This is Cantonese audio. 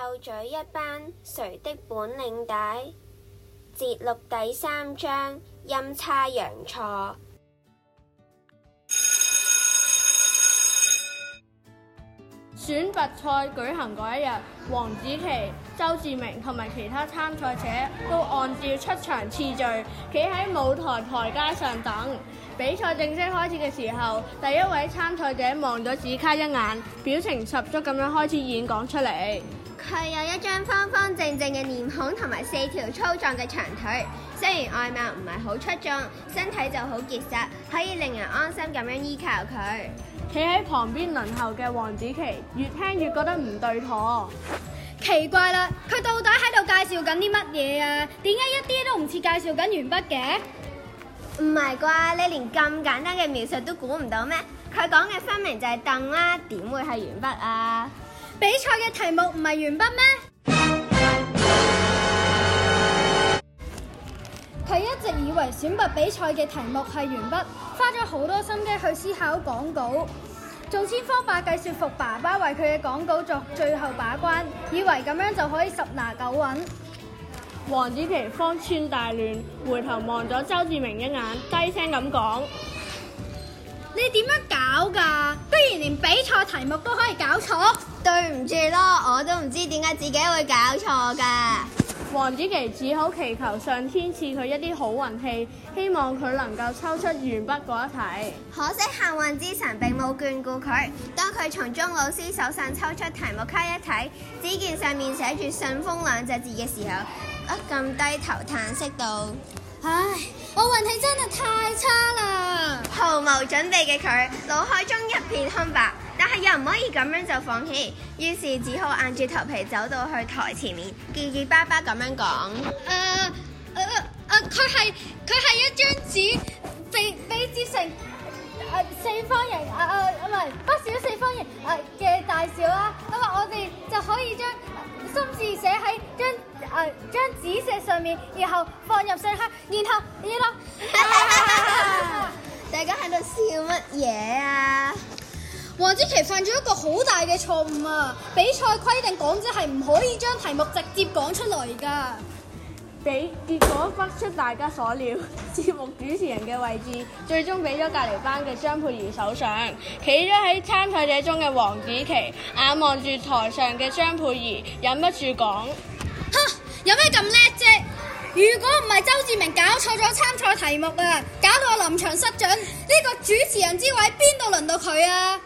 鬥嘴一班，誰的本領大？節錄第三章，陰差陽錯。選拔賽舉行嗰一日，黃子祺、周志明同埋其他參賽者都按照出場次序企喺舞台台階上等。比賽正式開始嘅時候，第一位參賽者望咗紙卡一眼，表情十足咁樣開始演講出嚟。佢有一張方方正正嘅臉孔同埋四條粗壯嘅長腿，雖然外貌唔係好出眾，身體就好結實，可以令人安心咁樣依靠佢。企喺旁邊輪候嘅黃子祺越聽越覺得唔對妥，奇怪啦，佢到底喺度介紹緊啲乜嘢啊？點解一啲都唔似介紹緊鉛筆嘅？唔係啩？你連咁簡單嘅描述都估唔到咩？佢講嘅分明就係凳啦，點會係鉛筆啊？比賽嘅題目唔係鉛筆咩？佢 一直以為選拔比賽嘅題目係鉛筆，花咗好多心機去思考講稿，仲千方百計說服爸爸為佢嘅講稿作最後把關，以為咁樣就可以十拿九穩。黃子琪方寸大亂，回頭望咗周志明一眼，低聲咁講。你點樣搞噶？居然連比賽題目都可以搞錯？對唔住咯，我都唔知點解自己會搞錯噶。黃子琪只好祈求上天賜佢一啲好運氣，希望佢能夠抽出鉛筆嗰一題。可惜幸運之神並冇眷顧佢。當佢從鐘老師手上抽出題目卡一睇，只見上面寫住信封兩隻字嘅時候，不禁低頭嘆息道，唉，我運氣真係太差啦！毫無準備嘅佢，腦海中一片空白，但係又唔可以咁樣就放棄，於是只好硬住頭皮走到去台前面，結結巴巴咁樣講：，誒誒誒，佢係佢係一張紙，被被折成誒、呃、四方形，誒誒唔係，不少四方形誒嘅、呃、大小啦，咁啊，我哋就可以將心、呃、字寫喺張誒、呃、張紙石上面，然後放入信盒，然後呢落。呃 大家喺度笑乜嘢啊？黃子琪犯咗一個好大嘅錯誤啊！比賽規定講者係唔可以將題目直接講出來噶，俾結果不出大家所料，節目主持人嘅位置最終俾咗隔籬班嘅張佩儀手上，企咗喺參賽者中嘅黃子琪，眼望住台上嘅張佩儀，忍不住講：，哈，有咩咁叻啫？如果唔係周志明搞錯咗參賽題目啊，搞到我臨場失準，呢、這個主持人之位邊度輪到佢啊？